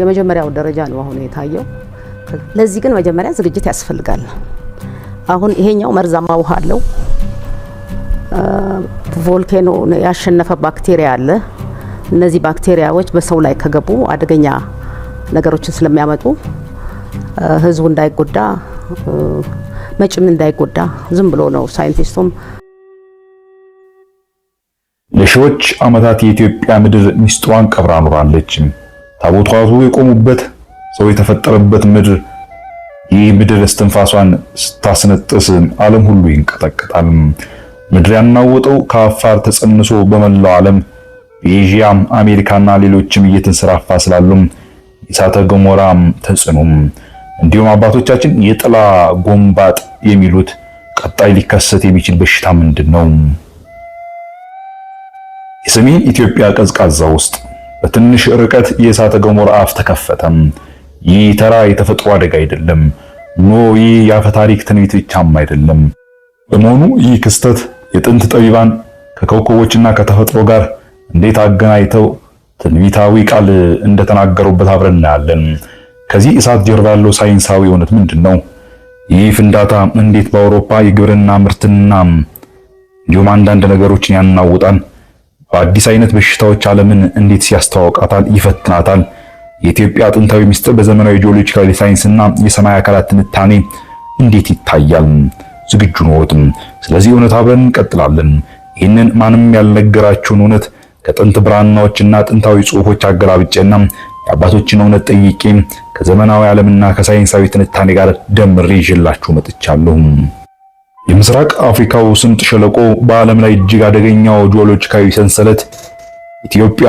የመጀመሪያው ደረጃ ነው አሁን የታየው። ለዚህ ግን መጀመሪያ ዝግጅት ያስፈልጋል። አሁን ይሄኛው መርዛማ ውሃ አለው፣ ቮልኬኖ ያሸነፈ ባክቴሪያ አለ። እነዚህ ባክቴሪያዎች በሰው ላይ ከገቡ አደገኛ ነገሮችን ስለሚያመጡ ህዝቡ እንዳይጎዳ መጭም እንዳይጎዳ ዝም ብሎ ነው ሳይንቲስቱም ለሺዎች ዓመታት የኢትዮጵያ ምድር ሚስጥሯን ቀብራ ኖራለች። ታቦቷቱ የቆሙበት ሰው የተፈጠረበት ምድር ይህ ምድር እስትንፋሷን ስታስነጥስ ዓለም ሁሉ ይንቀጠቀጣል። ምድር ያናወጠው ከአፋር ተጸንሶ በመላው ዓለም በኤዥያም አሜሪካና ሌሎችም እየተንሰራፋ ስላሉም የእሳተ ገሞራም ተጽዕኖም እንዲሁም አባቶቻችን የጥላ ጎንባጥ የሚሉት ቀጣይ ሊከሰት የሚችል በሽታ ምንድን ነው? የሰሜን ኢትዮጵያ ቀዝቃዛ ውስጥ በትንሽ ርቀት የእሳተ ገሞራ አፍ ተከፈተም። ይህ ተራ የተፈጥሮ አደጋ አይደለም። ኖ ይህ የአፈ ታሪክ ትንቢት ብቻም አይደለም። በመሆኑ ይህ ክስተት የጥንት ጠቢባን ከኮከቦችና ከተፈጥሮ ጋር እንዴት አገናኝተው ትንቢታዊ ቃል እንደተናገሩበት አብረን እናያለን። ከዚህ እሳት ጀርባ ያለው ሳይንሳዊ እውነት ምንድን ነው? ይህ ፍንዳታ እንዴት በአውሮፓ የግብርና ምርትና እንዲሁም አንዳንድ ነገሮችን ያናውጣል? በአዲስ አይነት በሽታዎች ዓለምን እንዴት ሲያስተዋውቃታል፣ ይፈትናታል። የኢትዮጵያ ጥንታዊ ሚስጥር በዘመናዊ ጂኦሎጂካል ሳይንስና የሰማይ አካላት ትንታኔ እንዴት ይታያል? ዝግጁ ኖሩትም? ስለዚህ እውነት አብረን እንቀጥላለን። ይህንን ማንም ያልነገራችሁን እውነት ከጥንት ብራናዎችና ጥንታዊ ጽሁፎች አገላብጬና የአባቶችን እውነት ጠይቄ ከዘመናዊ ዓለምና ከሳይንሳዊ ትንታኔ ጋር ደምሬ ይዤላችሁ መጥቻለሁ። የምስራቅ አፍሪካው ስምጥ ሸለቆ በዓለም ላይ እጅግ አደገኛው ጂኦሎጂካዊ ሰንሰለት ኢትዮጵያ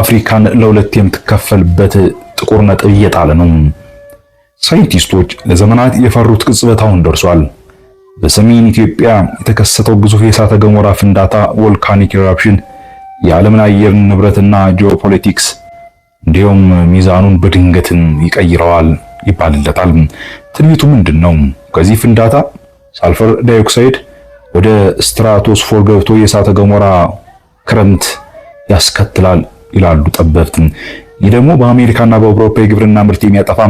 አፍሪካን ለሁለት የምትከፈልበት ጥቁር ነጥብ እየጣለ ነው። ሳይንቲስቶች ለዘመናት የፈሩት ቅጽበት አሁን ደርሷል። በሰሜን ኢትዮጵያ የተከሰተው ግዙፍ የእሳተ ገሞራ ፍንዳታ ቮልካኒክ ኢራፕሽን የዓለምን አየር ንብረትና ጂኦፖለቲክስ እንዲሁም ሚዛኑን በድንገትም ይቀይረዋል ይባልለታል። ትንቢቱ ምንድን ነው? ከዚህ ፍንዳታ ሳልፈር ዳይኦክሳይድ ወደ ስትራቶስፎር ገብቶ የእሳተ ገሞራ ክረምት ያስከትላል ይላሉ ጠበብት። ይህ ደግሞ በአሜሪካና በአውሮፓ የግብርና ምርት የሚያጠፋ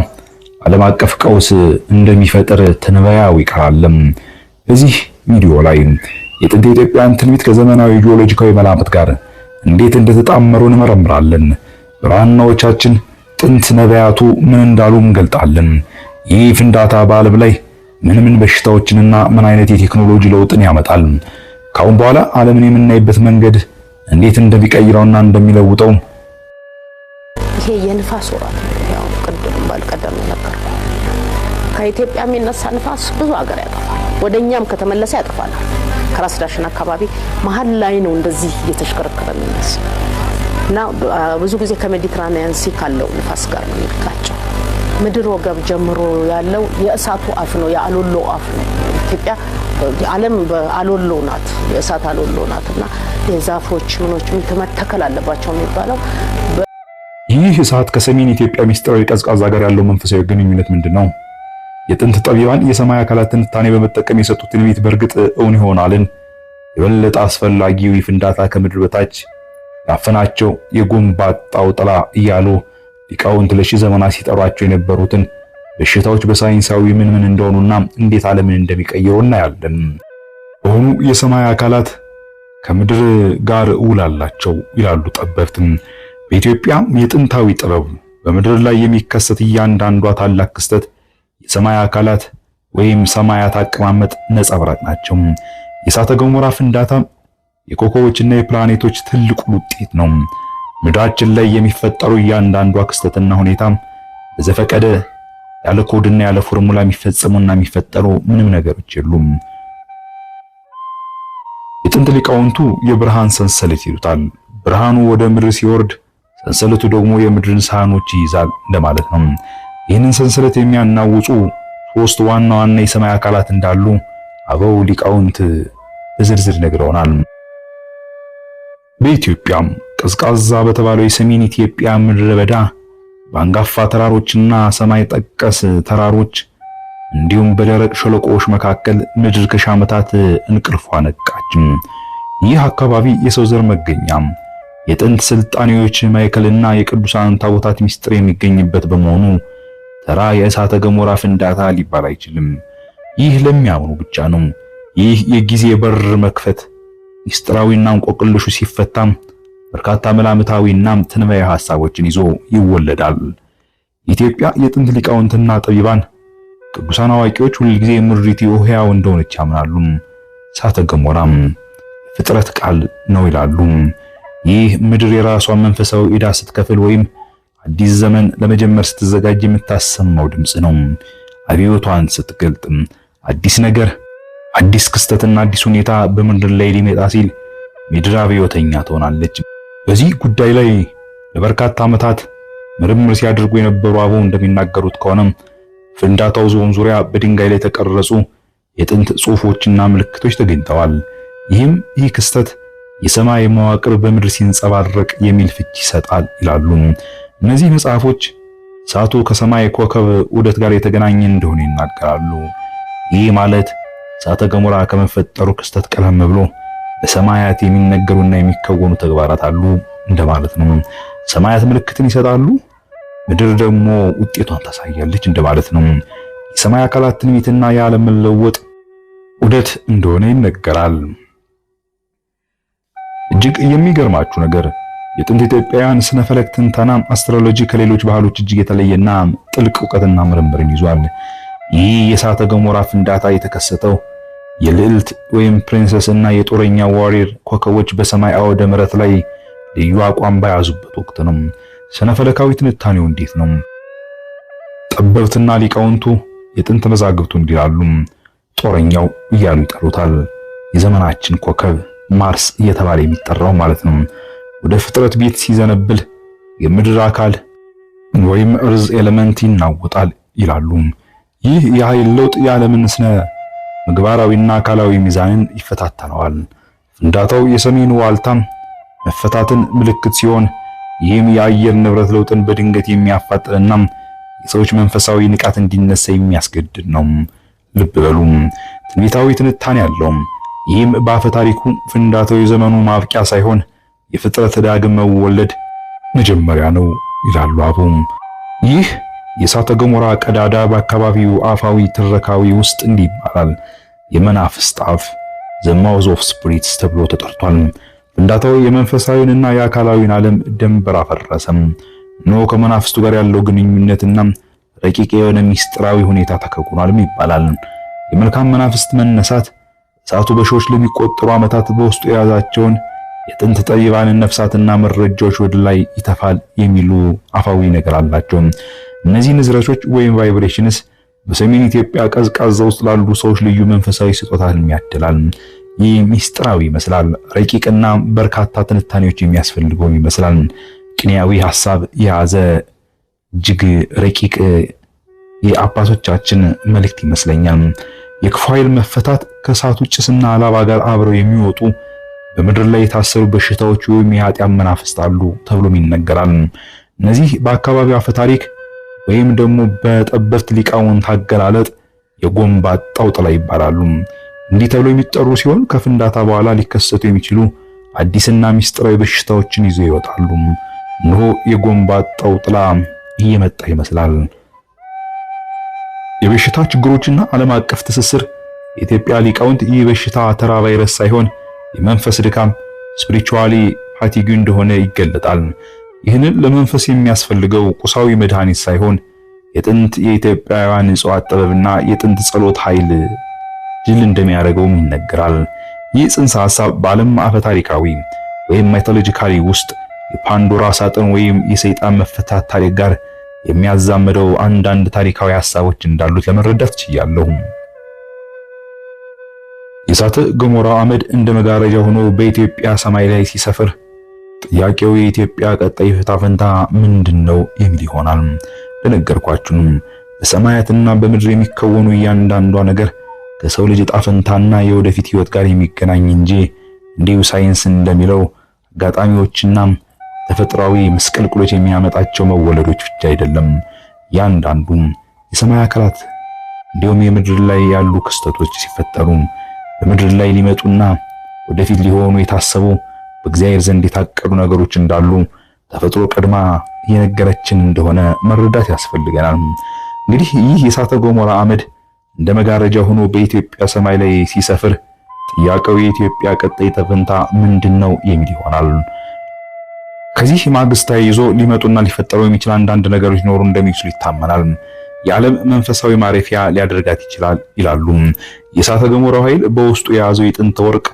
ዓለም አቀፍ ቀውስ እንደሚፈጥር ትንበያው ይቃለም። በዚህ ቪዲዮ ላይ የጥንት ኢትዮጵያን ትንቢት ከዘመናዊ ጂኦሎጂካዊ መላምት ጋር እንዴት እንደተጣመሩ እንመረምራለን። ብራናዎቻችን ጥንት ነቢያቱ ምን እንዳሉ እንገልጣለን። ይህ ፍንዳታ በዓለም ላይ ምን ምን በሽታዎችንና ምን አይነት የቴክኖሎጂ ለውጥን ያመጣል፣ ካሁን በኋላ ዓለምን የምናይበት መንገድ እንዴት እንደሚቀይረውና እንደሚለውጠው ይሄ የንፋስ ወራት ያው ቅድም ባልቀደም ነበር። ከኢትዮጵያ የሚነሳ ንፋስ ብዙ ሀገር ያጠፋል፣ ወደኛም ከተመለሰ ያጠፋናል። ከራስ ዳሽን አካባቢ መሀል ላይ ነው እንደዚህ እየተሽከረከረ የሚነሳ እና ብዙ ጊዜ ከሜዲትራኒያን ሲ ካለው ንፋስ ጋር ነው የሚጋጨው። ምድር ወገብ ጀምሮ ያለው የእሳቱ አፍ ነው፣ የአሎሎ አፍ ነው። ኢትዮጵያ ዓለም በአሎሎ ናት፣ የእሳት አሎሎ ናት እና የዛፎች ምኖች መተከል አለባቸው የሚባለው ይህ እሳት ከሰሜን ኢትዮጵያ ሚስጥራዊ ቀዝቃዛ ጋር ያለው መንፈሳዊ ግንኙነት ምንድን ነው? የጥንት ጠቢባን የሰማይ አካላት ትንታኔ በመጠቀም የሰጡት ትንቢት በእርግጥ እውን ይሆናልን? የበለጠ አስፈላጊው ፍንዳታ ከምድር በታች ያፈናቸው የጎንባጣው ጥላ እያሉ ሊቃውንት ለሺ ዘመናት ሲጠሯቸው የነበሩትን በሽታዎች በሳይንሳዊ ምን ምን እንደሆኑና እንዴት ዓለምን እንደሚቀይሩ እናያለን። በሆኑ የሰማይ አካላት ከምድር ጋር ውላላቸው ይላሉ ጠበብትም። በኢትዮጵያ የጥንታዊ ጥበብ በምድር ላይ የሚከሰት እያንዳንዷ ታላቅ ክስተት የሰማይ አካላት ወይም ሰማያት አቀማመጥ ነጸብራቅ ናቸው። የእሳተ ገሞራ ፍንዳታ የኮከቦችና የፕላኔቶች ትልቁ ውጤት ነው። ምድራችን ላይ የሚፈጠሩ እያንዳንዷ ክስተትና ሁኔታ በዘፈቀደ ያለ ኮድና ያለ ፎርሙላ የሚፈጸሙና የሚፈጠሩ ምንም ነገሮች የሉም። የጥንት ሊቃውንቱ የብርሃን ሰንሰለት ይሉታል። ብርሃኑ ወደ ምድር ሲወርድ ሰንሰለቱ ደግሞ የምድርን ሳህኖች ይይዛል እንደማለት ነው። ይህንን ሰንሰለት የሚያናውጹ ሶስት ዋና ዋና የሰማይ አካላት እንዳሉ አበው ሊቃውንት በዝርዝር ነግረውናል። በኢትዮጵያም ቀዝቃዛ በተባለው የሰሜን ኢትዮጵያ ምድረ በዳ በአንጋፋ ተራሮችና ሰማይ ጠቀስ ተራሮች እንዲሁም በደረቅ ሸለቆዎች መካከል ምድር ከሺህ ዓመታት እንቅልፏ ነቃች። ይህ አካባቢ የሰው ዘር መገኛ፣ የጥንት ስልጣኔዎች ማዕከልና የቅዱሳን ታቦታት ምስጢር የሚገኝበት በመሆኑ ተራ የእሳተ ገሞራ ፍንዳታ ሊባል አይችልም። ይህ ለሚያምኑ ብቻ ነው። ይህ የጊዜ በር መክፈት ምስጢራዊና እንቆቅልሹ ሲፈታም በርካታ መላምታዊና ትንበያ ሐሳቦችን ይዞ ይወለዳል። ኢትዮጵያ የጥንት ሊቃውንትና ጠቢባን ቅዱሳን አዋቂዎች ሁልጊዜ ምድሪቱ ሕያው እንደሆነች ያምናሉ። እሳተ ገሞራም ፍጥረት ቃል ነው ይላሉ። ይህ ምድር የራሷን መንፈሳዊ ዕዳ ስትከፍል ወይም አዲስ ዘመን ለመጀመር ስትዘጋጅ የምታሰማው ድምፅ ነው። አብዮቷን ስትገልጥ አዲስ ነገር፣ አዲስ ክስተትና አዲስ ሁኔታ በምድር ላይ ሊመጣ ሲል ምድር አብዮተኛ ትሆናለች። በዚህ ጉዳይ ላይ ለበርካታ ዓመታት ምርምር ሲያደርጉ የነበሩ አበው እንደሚናገሩት ከሆነም ፍንዳታው ዞን ዙሪያ በድንጋይ ላይ የተቀረጹ የጥንት ጽሑፎችና ምልክቶች ተገኝተዋል። ይህም ይህ ክስተት የሰማይ መዋቅር በምድር ሲንጸባረቅ የሚል ፍቺ ይሰጣል ይላሉ። እነዚህ መጽሐፎች እሳቱ ከሰማይ ኮከብ ዑደት ጋር የተገናኘ እንደሆነ ይናገራሉ። ይህ ማለት እሳተ ገሞራ ከመፈጠሩ ክስተት ቀደም ብሎ በሰማያት የሚነገሩና የሚከወኑ ተግባራት አሉ እንደማለት ነው። ሰማያት ምልክትን ይሰጣሉ፣ ምድር ደግሞ ውጤቷን ታሳያለች እንደማለት ነው። የሰማይ አካላት ትንቢትና የዓለም መለወጥ ውደት እንደሆነ ይነገራል። እጅግ የሚገርማችሁ ነገር የጥንት ኢትዮጵያውያን ስነ ፈለክ ትንተና አስትሮሎጂ ከሌሎች ባህሎች እጅግ የተለየና ጥልቅ እውቀትና ምርምርን ይዟል። ይህ የእሳተ ገሞራ ፍንዳታ የተከሰተው የልዕልት ወይም ፕሪንሰስ እና የጦረኛ ዋሪር ኮከቦች በሰማይ አወደ ምረት ላይ ልዩ አቋም በያዙበት ወቅት ነው። ስነፈለካዊ ትንታኔው እንዴት ነው? ጠበብትና ሊቃውንቱ የጥንት መዛግብቱ እንዲላሉ ጦረኛው እያሉ ይጠሩታል። የዘመናችን ኮከብ ማርስ እየተባለ የሚጠራው ማለት ነው። ወደ ፍጥረት ቤት ሲዘነብል የምድር አካል ወይም እርዝ ኤሌመንት ይናወጣል ይላሉ። ይህ የኃይል ለውጥ የዓለምን ስነ ምግባራዊና አካላዊ ሚዛንን ይፈታተነዋል። ፍንዳታው የሰሜን ዋልታ መፈታትን ምልክት ሲሆን ይህም የአየር ንብረት ለውጥን በድንገት የሚያፋጥንና የሰዎች መንፈሳዊ ንቃት እንዲነሳ የሚያስገድድ ነው። ልብ በሉ ትንቢታዊ ትንታኔ አለው። ይህም በአፈ ታሪኩ ፍንዳታው የዘመኑ ማብቂያ ሳይሆን የፍጥረት ዳግም መወለድ መጀመሪያ ነው ይላሉ አቡ ይህ የእሳተ ገሞራ ቀዳዳ በአካባቢው አፋዊ ትረካዊ ውስጥ እንዲህ ይባላል። የመናፍስት አፍ ዘማውዝ ኦፍ ስፕሪትስ ተብሎ ተጠርቷል። ፍንዳታው የመንፈሳዊንና የአካላዊን ዓለም ደንበር አፈረሰም። ኖ ከመናፍስቱ ጋር ያለው ግንኙነትና ረቂቅ የሆነ ሚስጥራዊ ሁኔታ ተከኩኗልም ይባላል። የመልካም መናፍስት መነሳት እሳቱ በሺዎች ለሚቆጠሩ ዓመታት በውስጡ የያዛቸውን የጥንት ጠቢባንን ነፍሳትና መረጃዎች ወደ ላይ ይተፋል የሚሉ አፋዊ ነገር አላቸው። እነዚህ ንዝረቶች ወይም ቫይብሬሽንስ በሰሜን ኢትዮጵያ ቀዝቃዛ ውስጥ ላሉ ሰዎች ልዩ መንፈሳዊ ስጦታን ያድላል። ይህ ሚስጥራዊ ይመስላል። ረቂቅና በርካታ ትንታኔዎች የሚያስፈልገው ይመስላል። ቅንያዊ ሐሳብ የያዘ እጅግ ረቂቅ የአባቶቻችን መልእክት ይመስለኛል። የክፉ ኃይል መፈታት ከእሳቱ ጭስና አላባ ጋር አብረው የሚወጡ በምድር ላይ የታሰሩ በሽታዎች ወይም የኃጢአት መናፍስት አሉ ተብሎም ይነገራል። እነዚህ በአካባቢው አፈ ታሪክ ወይም ደግሞ በጠበብት ሊቃውንት አገላለጥ የጎንባጣው ጥላ ይባላሉ። እንዲህ ተብሎ የሚጠሩ ሲሆን ከፍንዳታ በኋላ ሊከሰቱ የሚችሉ አዲስና ሚስጥራዊ በሽታዎችን ይዘው ይወጣሉ። እንሆ የጎንባጣው ጥላ እየመጣ ይመስላል። የበሽታ ችግሮችና ዓለም አቀፍ ትስስር የኢትዮጵያ ሊቃውንት ይህ በሽታ ተራ ቫይረስ ሳይሆን የመንፈስ ድካም ስፒሪቹዋሊ ፋቲጉ እንደሆነ ይገለጣል። ይህንን ለመንፈስ የሚያስፈልገው ቁሳዊ መድኃኒት ሳይሆን የጥንት የኢትዮጵያውያን እጽዋት ጥበብና የጥንት ጸሎት ኃይል ድል እንደሚያደርገውም ይነገራል። ይህ ጽንሰ ሐሳብ በዓለም አፈ ታሪካዊ ወይም ማይቶሎጂካሊ ውስጥ የፓንዶራ ሳጥን ወይም የሰይጣን መፈታት ታሪክ ጋር የሚያዛምደው አንዳንድ ታሪካዊ ሐሳቦች እንዳሉት ለመረዳት ችያለሁ። የእሳተ ገሞራው አመድ እንደ መጋረጃ ሆኖ በኢትዮጵያ ሰማይ ላይ ሲሰፍር ጥያቄው የኢትዮጵያ ቀጣይ ዕጣ ፈንታ ምንድን ነው የሚል ይሆናል። ለነገርኳችሁም በሰማያትና በምድር የሚከወኑ እያንዳንዷ ነገር ከሰው ልጅ ዕጣ ፈንታና የወደፊት ህይወት ጋር የሚገናኝ እንጂ እንዲሁ ሳይንስ እንደሚለው አጋጣሚዎችና ተፈጥሯዊ ምስቅልቅሎች የሚያመጣቸው መወለዶች ብቻ አይደለም። ያንዳንዱ የሰማይ አካላት እንዲሁም የምድር ላይ ያሉ ክስተቶች ሲፈጠሩ በምድር ላይ ሊመጡና ወደፊት ሊሆኑ የታሰቡ በእግዚአብሔር ዘንድ የታቀዱ ነገሮች እንዳሉ ተፈጥሮ ቀድማ የነገረችን እንደሆነ መረዳት ያስፈልገናል። እንግዲህ ይህ የእሳተ ገሞራ አመድ እንደ መጋረጃ ሆኖ በኢትዮጵያ ሰማይ ላይ ሲሰፍር ጥያቄው የኢትዮጵያ ቀጣይ ተፈንታ ምንድን ነው የሚል ይሆናል። ከዚህ ማግስት ይዞ ሊመጡና ሊፈጠሩ የሚችል አንዳንድ ነገሮች ሊኖሩ እንደሚችሉ ይታመናል። የዓለም መንፈሳዊ ማረፊያ ሊያደርጋት ይችላል ይላሉ። የእሳተ ገሞራው ኃይል በውስጡ የያዘው የጥንት ወርቅ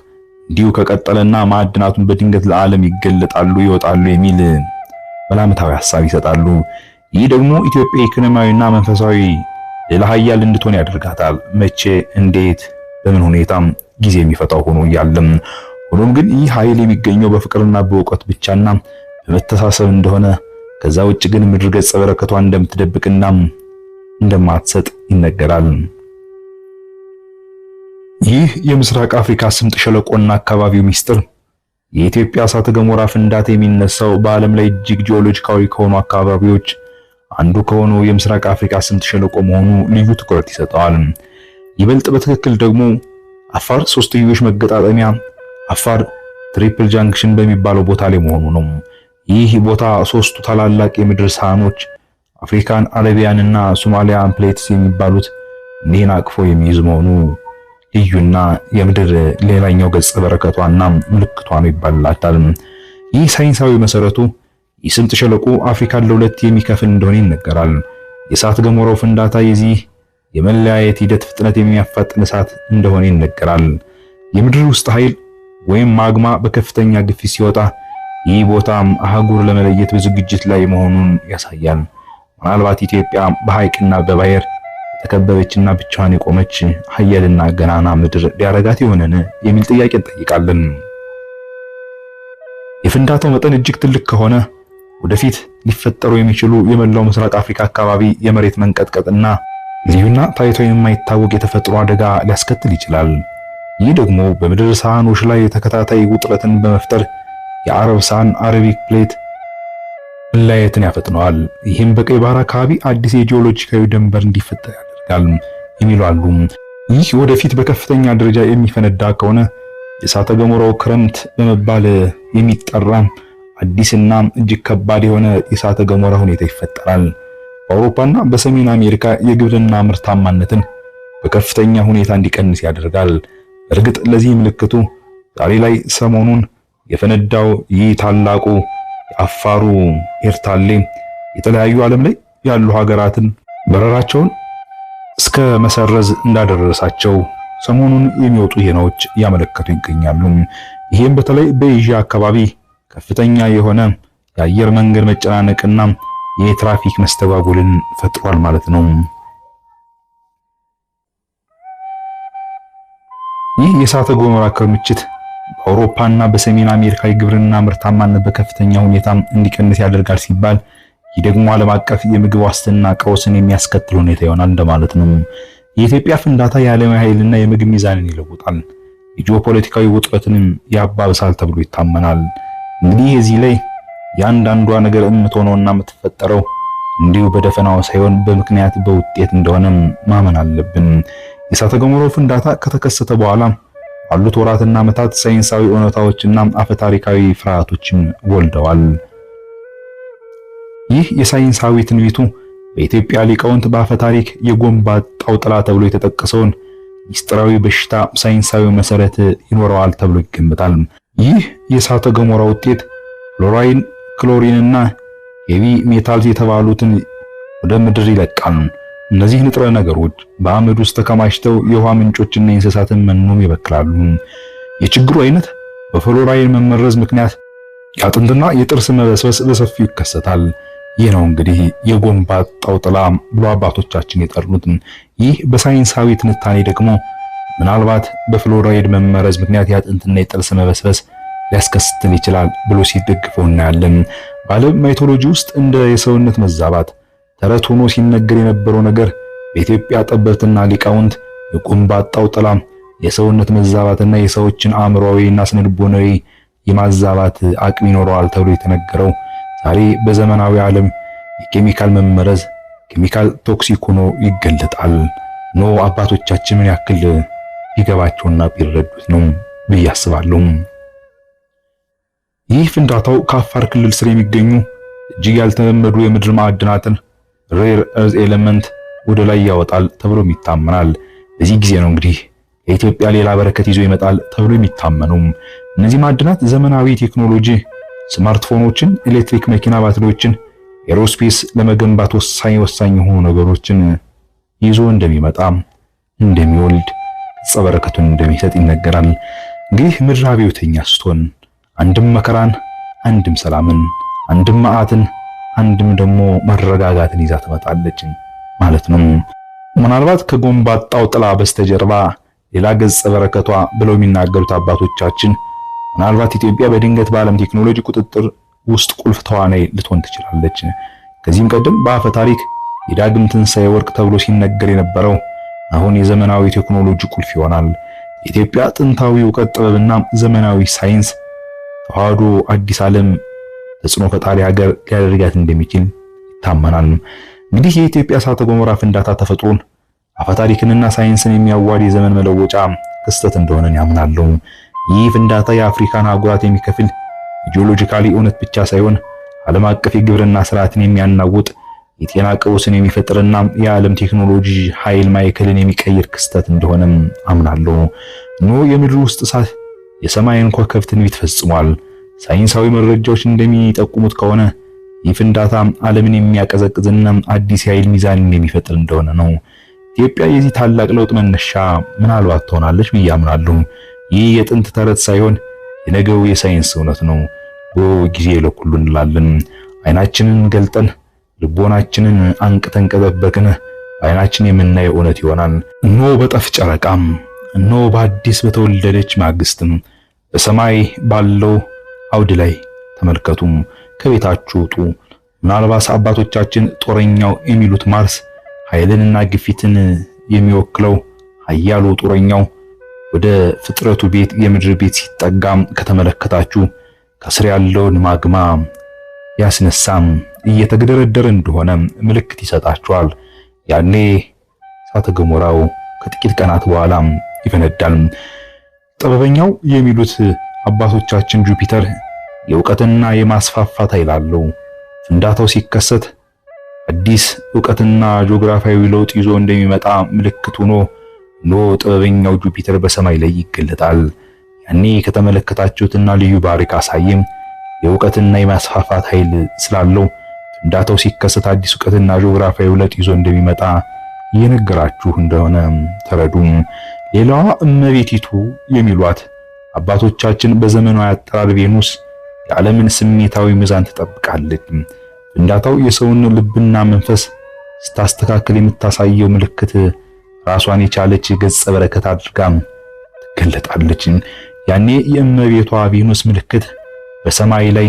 እንዲሁ ከቀጠለና ማዕድናቱን በድንገት ለዓለም ይገለጣሉ፣ ይወጣሉ የሚል መላምታዊ ሐሳብ ይሰጣሉ። ይህ ደግሞ ኢትዮጵያ ኢኮኖሚያዊና መንፈሳዊ ሌላ ሀያል እንድትሆን ያደርጋታል። መቼ፣ እንዴት፣ በምን ሁኔታም ጊዜ የሚፈታው ሆኖ እያለም ሆኖም ግን ይህ ኃይል የሚገኘው በፍቅርና በእውቀት ብቻና በመተሳሰብ እንደሆነ ከዛ ውጭ ግን ምድር ገጸ በረከቷ እንደምትደብቅና እንደማትሰጥ ይነገራል። ይህ የምስራቅ አፍሪካ ስምጥ ሸለቆና አካባቢው ሚስጥር የኢትዮጵያ እሳተ ገሞራ ፍንዳታ የሚነሳው በዓለም ላይ እጅግ ጂኦሎጂካዊ ከሆኑ አካባቢዎች አንዱ ከሆነው የምስራቅ አፍሪካ ስምጥ ሸለቆ መሆኑ ልዩ ትኩረት ይሰጠዋል። ይበልጥ በትክክል ደግሞ አፋር ሶስትዮሽ መገጣጠሚያ አፋር ትሪፕል ጃንክሽን በሚባለው ቦታ ላይ መሆኑ ነው። ይህ ቦታ ሶስቱ ታላላቅ የምድር ሳህኖች አፍሪካን፣ አረቢያንና ሶማሊያን ፕሌትስ የሚባሉት እኒህን አቅፎ የሚይዝ መሆኑ ልዩና የምድር ሌላኛው ገጽ በረከቷና ምልክቷ ነው ይባልላታል። ይህ ሳይንሳዊ መሰረቱ የስምጥ ሸለቆ አፍሪካን ለሁለት የሚከፍል እንደሆነ ይነገራል። የእሳት ገሞራው ፍንዳታ የዚህ የመለያየት ሂደት ፍጥነት የሚያፋጥን እሳት እንደሆነ ይነገራል። የምድር ውስጥ ኃይል ወይም ማግማ በከፍተኛ ግፊት ሲወጣ ይህ ቦታም አህጉር ለመለየት በዝግጅት ላይ መሆኑን ያሳያል። ምናልባት ኢትዮጵያ በሐይቅና በባህር ተከበበችና ብቻዋን የቆመች ሀያልና ገናና ምድር ሊያረጋት ይሆነን የሚል ጥያቄ እንጠይቃለን። የፍንዳታው መጠን እጅግ ትልቅ ከሆነ ወደፊት ሊፈጠሩ የሚችሉ የመላው ምስራቅ አፍሪካ አካባቢ የመሬት መንቀጥቀጥና ልዩና ታይቶ የማይታወቅ የተፈጥሮ አደጋ ሊያስከትል ይችላል። ይህ ደግሞ በምድር ሳህኖች ላይ ተከታታይ ውጥረትን በመፍጠር የአረብ ሳህን አረቢክ ፕሌት መለያየትን ያፈጥነዋል። ይህም በቀይ ባህር አካባቢ አዲስ የጂኦሎጂካዊ ድንበር እንዲፈጠር ያስፈልጋል የሚሉ አሉ። ይህ ወደፊት በከፍተኛ ደረጃ የሚፈነዳ ከሆነ የእሳተ ገሞራው ክረምት በመባል የሚጠራ አዲስና እጅግ ከባድ የሆነ የእሳተ ገሞራ ሁኔታ ይፈጠራል። በአውሮፓና በሰሜን አሜሪካ የግብርና ምርታማነትን በከፍተኛ ሁኔታ እንዲቀንስ ያደርጋል። እርግጥ ለዚህ ምልክቱ ዛሬ ላይ ሰሞኑን የፈነዳው ይህ ታላቁ የአፋሩ ኤርታሌ የተለያዩ ዓለም ላይ ያሉ ሀገራትን በረራቸውን እስከ መሰረዝ እንዳደረሳቸው ሰሞኑን የሚወጡ ዜናዎች እያመለከቱ ይገኛሉ። ይህም በተለይ በኤዥያ አካባቢ ከፍተኛ የሆነ የአየር መንገድ መጨናነቅና የትራፊክ መስተጓጎልን ፈጥሯል ማለት ነው። ይህ የእሳተ ገሞራ ክምችት በአውሮፓና በሰሜን አሜሪካ የግብርና ምርታማነት በከፍተኛ ሁኔታ እንዲቀንስ ያደርጋል ሲባል ይህ ደግሞ ዓለም አቀፍ የምግብ ዋስትና ቀውስን የሚያስከትል ሁኔታ ይሆናል እንደማለት ነው። የኢትዮጵያ ፍንዳታ የዓለም ኃይልና የምግብ ሚዛንን ይለውጣል፣ የጂኦፖለቲካዊ ውጥረትንም ያባብሳል ተብሎ ይታመናል። እንግዲህ እዚህ ላይ የአንዳንዷ ነገር ሆኖና የምትፈጠረው እንዲሁ በደፈናው ሳይሆን በምክንያት በውጤት እንደሆነም ማመን አለብን። የእሳተ ገሞሮ ፍንዳታ ከተከሰተ በኋላ ባሉት ወራትና ዓመታት ሳይንሳዊ እውነታዎችና አፈታሪካዊ ፍርሃቶችን ወልደዋል። ይህ የሳይንሳዊ ትንቢቱ በኢትዮጵያ ሊቃውንት በአፈ ታሪክ የጎንባጣው ጥላ ተብሎ የተጠቀሰውን ሚስጥራዊ በሽታ ሳይንሳዊ መሰረት ይኖረዋል ተብሎ ይገምታል። ይህ የእሳተ ገሞራ ውጤት ፍሎራይን፣ ክሎሪንና ሄቪ ሜታልስ የተባሉትን ወደ ምድር ይለቃል። እነዚህ ንጥረ ነገሮች በአመድ ውስጥ ተከማችተው የውሃ ምንጮችና የእንስሳትን መኖም ይበክላሉ። የችግሩ አይነት በፍሎራይን መመረዝ ምክንያት የአጥንትና የጥርስ መበስበስ በሰፊው ይከሰታል። ይህ ነው እንግዲህ የጎንባጣው ጥላ ብሎ አባቶቻችን የጠሩት። ይህ በሳይንሳዊ ትንታኔ ደግሞ ምናልባት በፍሎራይድ መመረዝ ምክንያት የአጥንትና የጥርስ መበስበስ ሊያስከስትል ይችላል ብሎ ሲደግፈው እናያለን። በዓለም ማይቶሎጂ ውስጥ እንደ የሰውነት መዛባት ተረት ሆኖ ሲነገር የነበረው ነገር በኢትዮጵያ ጠበብትና ሊቃውንት የጎንባጣው ጥላ የሰውነት መዛባትና የሰዎችን አእምሮዊና ስነልቦናዊ የማዛባት አቅም ይኖረዋል ተብሎ የተነገረው ዛሬ በዘመናዊ ዓለም የኬሚካል መመረዝ ኬሚካል ቶክሲክ ሆኖ ይገለጣል። ኖ አባቶቻችን ምን ያክል ቢገባቸውና ቢረዱት ነው ብዬ አስባለሁ። ይህ ፍንዳታው ከአፋር ክልል ስር የሚገኙ እጅግ ያልተለመዱ የምድር ማዕድናትን ሬር እርዝ ኤሌመንት ወደ ላይ ያወጣል ተብሎም ይታመናል። በዚህ ጊዜ ነው እንግዲህ ለኢትዮጵያ ሌላ በረከት ይዞ ይመጣል ተብሎ የሚታመኑ እነዚህ ማዕድናት ዘመናዊ ቴክኖሎጂ ስማርትፎኖችን፣ ኤሌክትሪክ መኪና ባትሪዎችን፣ ኤሮስፔስ ለመገንባት ወሳኝ ወሳኝ የሆኑ ነገሮችን ይዞ እንደሚመጣ እንደሚወልድ ጸበረከቱን እንደሚሰጥ ይነገራል። እንግዲህ ምድር አብዮተኛ ስትሆን አንድም መከራን፣ አንድም ሰላምን፣ አንድም መዓትን፣ አንድም ደግሞ መረጋጋትን ይዛ ትመጣለች ማለት ነው። ምናልባት ከጎንባጣው ጥላ በስተጀርባ ሌላ ገጸ በረከቷ ብለው የሚናገሩት አባቶቻችን ምናልባት ኢትዮጵያ በድንገት በዓለም ቴክኖሎጂ ቁጥጥር ውስጥ ቁልፍ ተዋናይ ልትሆን ትችላለች። ከዚህም ቀደም በአፈ ታሪክ የዳግም ትንሣኤ ወርቅ ተብሎ ሲነገር የነበረው አሁን የዘመናዊ ቴክኖሎጂ ቁልፍ ይሆናል። የኢትዮጵያ ጥንታዊ እውቀት ጥበብና ዘመናዊ ሳይንስ ተዋህዶ አዲስ ዓለም ተጽዕኖ ፈጣሪ ሀገር ሊያደርጋት እንደሚችል ይታመናል። እንግዲህ የኢትዮጵያ እሳተ ገሞራ ፍንዳታ ተፈጥሮን አፈታሪክንና ሳይንስን የሚያዋድ የዘመን መለወጫ ክስተት እንደሆነን ያምናለሁ። ይህ ፍንዳታ የአፍሪካን አህጉራት የሚከፍል ጂኦሎጂካሊ እውነት ብቻ ሳይሆን ዓለም አቀፍ የግብርና ስርዓትን የሚያናውጥ የጤና ቀውስን የሚፈጥርና የዓለም ቴክኖሎጂ ኃይል ማዕከልን የሚቀይር ክስተት እንደሆነም አምናለሁ። ኖ የምድር ውስጥ እሳት የሰማይን ከዋክብት ትንቢት ፈጽሟል። ሳይንሳዊ መረጃዎች እንደሚጠቁሙት ከሆነ ይህ ፍንዳታ ዓለምን የሚያቀዘቅዝና አዲስ የኃይል ሚዛንን የሚፈጥር እንደሆነ ነው። ኢትዮጵያ የዚህ ታላቅ ለውጥ መነሻ ምናልባት ትሆናለች ብዬ አምናለሁ። ይህ የጥንት ተረት ሳይሆን የነገው የሳይንስ እውነት ነው። ጊዜ ለኩሉ እንላለን። አይናችንን ገልጠን ልቦናችንን አንቅተን ከጠበቅን አይናችን የምናየው እውነት ይሆናል። እኖ በጠፍ ጨረቃም፣ እኖ በአዲስ በተወለደች ማግስትም በሰማይ ባለው አውድ ላይ ተመልከቱም። ከቤታችሁ ውጡ። ምናልባት አባቶቻችን ጦረኛው የሚሉት ማርስ ኃይልንና ግፊትን የሚወክለው ኃያሉ ጦረኛው ወደ ፍጥረቱ ቤት የምድር ቤት ሲጠጋም ከተመለከታችሁ ከስር ያለውን ማግማ ያስነሳም እየተግደረደረ እንደሆነ ምልክት ይሰጣችኋል። ያኔ እሳተ ገሞራው ከጥቂት ቀናት በኋላ ይፈነዳል። ጥበበኛው የሚሉት አባቶቻችን ጁፒተር የእውቀትና የማስፋፋት ኃይል አለው። ፍንዳታው ሲከሰት አዲስ እውቀትና ጂኦግራፊያዊ ለውጥ ይዞ እንደሚመጣ ምልክት ሆኖ ኖ ጥበበኛው ጁፒተር በሰማይ ላይ ይገለጣል። ያኔ ከተመለከታችሁትና ልዩ ባህሪ ካሳየም የእውቀትና የማስፋፋት ኃይል ስላለው ፍንዳታው ሲከሰት አዲስ እውቀትና ጂኦግራፊያዊ ለውጥ ይዞ እንደሚመጣ እየነገራችሁ እንደሆነ ተረዱም። ሌላዋ እመቤቲቱ የሚሏት አባቶቻችን በዘመናዊ አጠራር ቬኑስ የዓለምን ስሜታዊ ሚዛን ትጠብቃለች። ፍንዳታው የሰውን ልብና መንፈስ ስታስተካከል የምታሳየው ምልክት ራሷን የቻለች ገጸ በረከት አድርጋም ትገለጣለች። ያኔ የእመቤቷ ቬኑስ ምልክት በሰማይ ላይ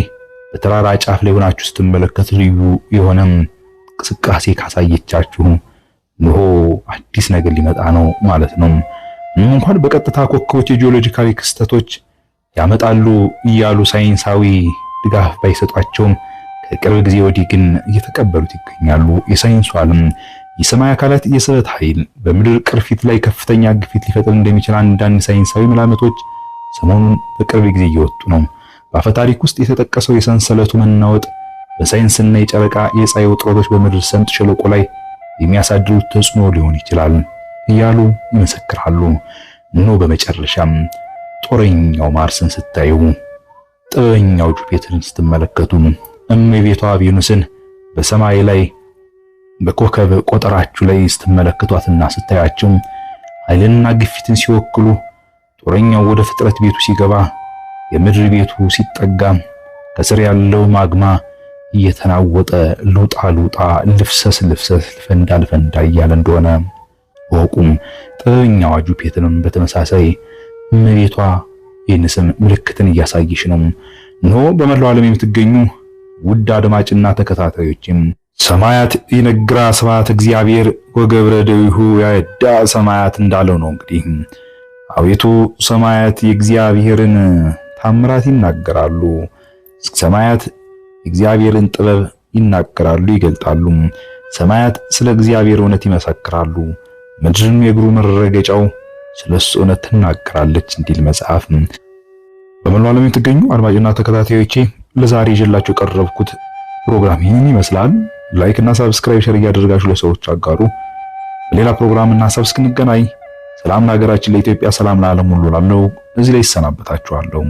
በተራራ ጫፍ ላይ ሆናችሁ ስትመለከቱ ልዩ የሆነም እንቅስቃሴ ካሳየቻችሁ ንሆ አዲስ ነገር ሊመጣ ነው ማለት ነው። እንኳን በቀጥታ ኮከቦች የጂኦሎጂካዊ ክስተቶች ያመጣሉ እያሉ ሳይንሳዊ ድጋፍ ባይሰጧቸውም ከቅርብ ጊዜ ወዲህ ግን እየተቀበሉት ይገኛሉ የሳይንሱ ዓለም። የሰማይ አካላት የስበት ኃይል በምድር ቅርፊት ላይ ከፍተኛ ግፊት ሊፈጥር እንደሚችል አንዳንድ ሳይንሳዊ መላምቶች ሰሞኑን በቅርብ ጊዜ እየወጡ ነው። በአፈ ታሪክ ውስጥ የተጠቀሰው የሰንሰለቱ መናወጥ በሳይንስና የጨረቃ የፀሐይ ውጥረቶች በምድር ሰምጥ ሸለቆ ላይ የሚያሳድሩት ተጽዕኖ ሊሆን ይችላል እያሉ ይመሰክራሉ። ኖ በመጨረሻም ጦረኛው ማርስን ስታዩ፣ ጥበበኛው ጁፒተርን ስትመለከቱ፣ እመቤቷ ቬኑስን በሰማይ ላይ በኮከብ ቆጠራችሁ ላይ ስትመለከቷትና ስታያቸው ኃይልንና ግፊትን ሲወክሉ ጦረኛው ወደ ፍጥረት ቤቱ ሲገባ የምድር ቤቱ ሲጠጋ ከስር ያለው ማግማ እየተናወጠ ሉጣ ሉጣ ልፍሰስ ልፍሰስ ልፈንዳ ልፈንዳ እያለ እንደሆነ ወቁም። ጥበበኛ አዋጁ በተመሳሳይ እመቤቷ ይህን ምልክትን እያሳየች ነው። እንሆ በመላው ዓለም የምትገኙ ውድ አድማጭና ተከታታዮችም ሰማያት የነግራ ስብሐት እግዚአብሔር ወገብረ ደዊሁ ያዳ ሰማያት እንዳለው ነው። እንግዲህ አቤቱ ሰማያት የእግዚአብሔርን ታምራት ይናገራሉ። ሰማያት የእግዚአብሔርን ጥበብ ይናገራሉ፣ ይገልጣሉ። ሰማያት ስለ እግዚአብሔር እውነት ይመሰክራሉ፣ ምድርም የእግሩ መረገጫው ስለ እሱ እውነት ትናገራለች እንዲል መጽሐፍ። በመላው ዓለም የተገኙ አድማጭና ተከታታዮቼ ለዛሬ ይዤላችሁ ቀረብኩት ፕሮግራም ይህን ይመስላል። ላይክ እና ሰብስክራይብ ሼር እያደረጋችሁ ለሰዎች አጋሩ። ሌላ ፕሮግራም እና ሀሳብ እስክንገናኝ ሰላም ለሀገራችን ለኢትዮጵያ፣ ሰላም ለዓለም ሁሉ ላለው እዚህ ላይ ይሰናበታችኋለሁ።